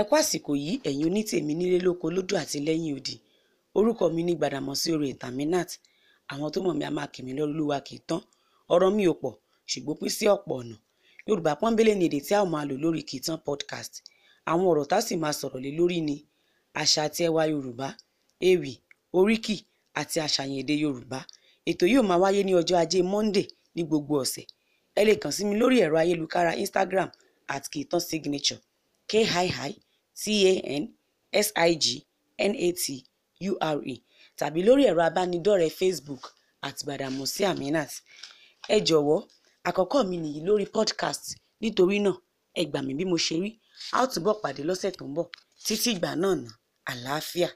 ẹ kú àsìkò yìí ẹ̀yin onítèmi nílé lóko lódò àti lẹ́yìn odi orúkọ mi ní Gbàdàmọ́sí Oore Ìtàmínàt àwọn tó mọ̀ mí a máa kì mí lọ́lúwa kì í tán ọ̀rọ̀ mi ò pọ̀ ṣùgbọ́n pín sí ọ̀pọ̀ ọ̀nà Yorùbá pọ́nbélé ni èdè tí a ò máa lò lórí Kì í tán podcast àwọn ọ̀rọ̀ tá sì máa sọ̀rọ̀ lé lórí ni àṣà àti ẹwà Yorùbá ewì oríkì àti àṣàyàn èdè Yorùbá ètò yìí ó máa wáyé ní ọjọ́ ajé Monday ní gbogbo ọ̀sẹ̀ ẹ lè kàn sí mi lórí ẹ̀rọ ayélukára Instagram at Kiitan signature kihi TAN SIG NAT URA e tàbí lórí ẹ̀rọ abánidọ́rẹ̀ẹ́ Facebook @Badamasi Aminat. Ẹ jọ̀wọ́, àkókò mi nìyí lórí podcast nítorí náà ẹ gbà mí bí mo ṣe rí, a ó túbọ̀ pàdé lọ́sẹ̀ tó ń bọ̀. Títí ìgbà náà ná àlàáfíà.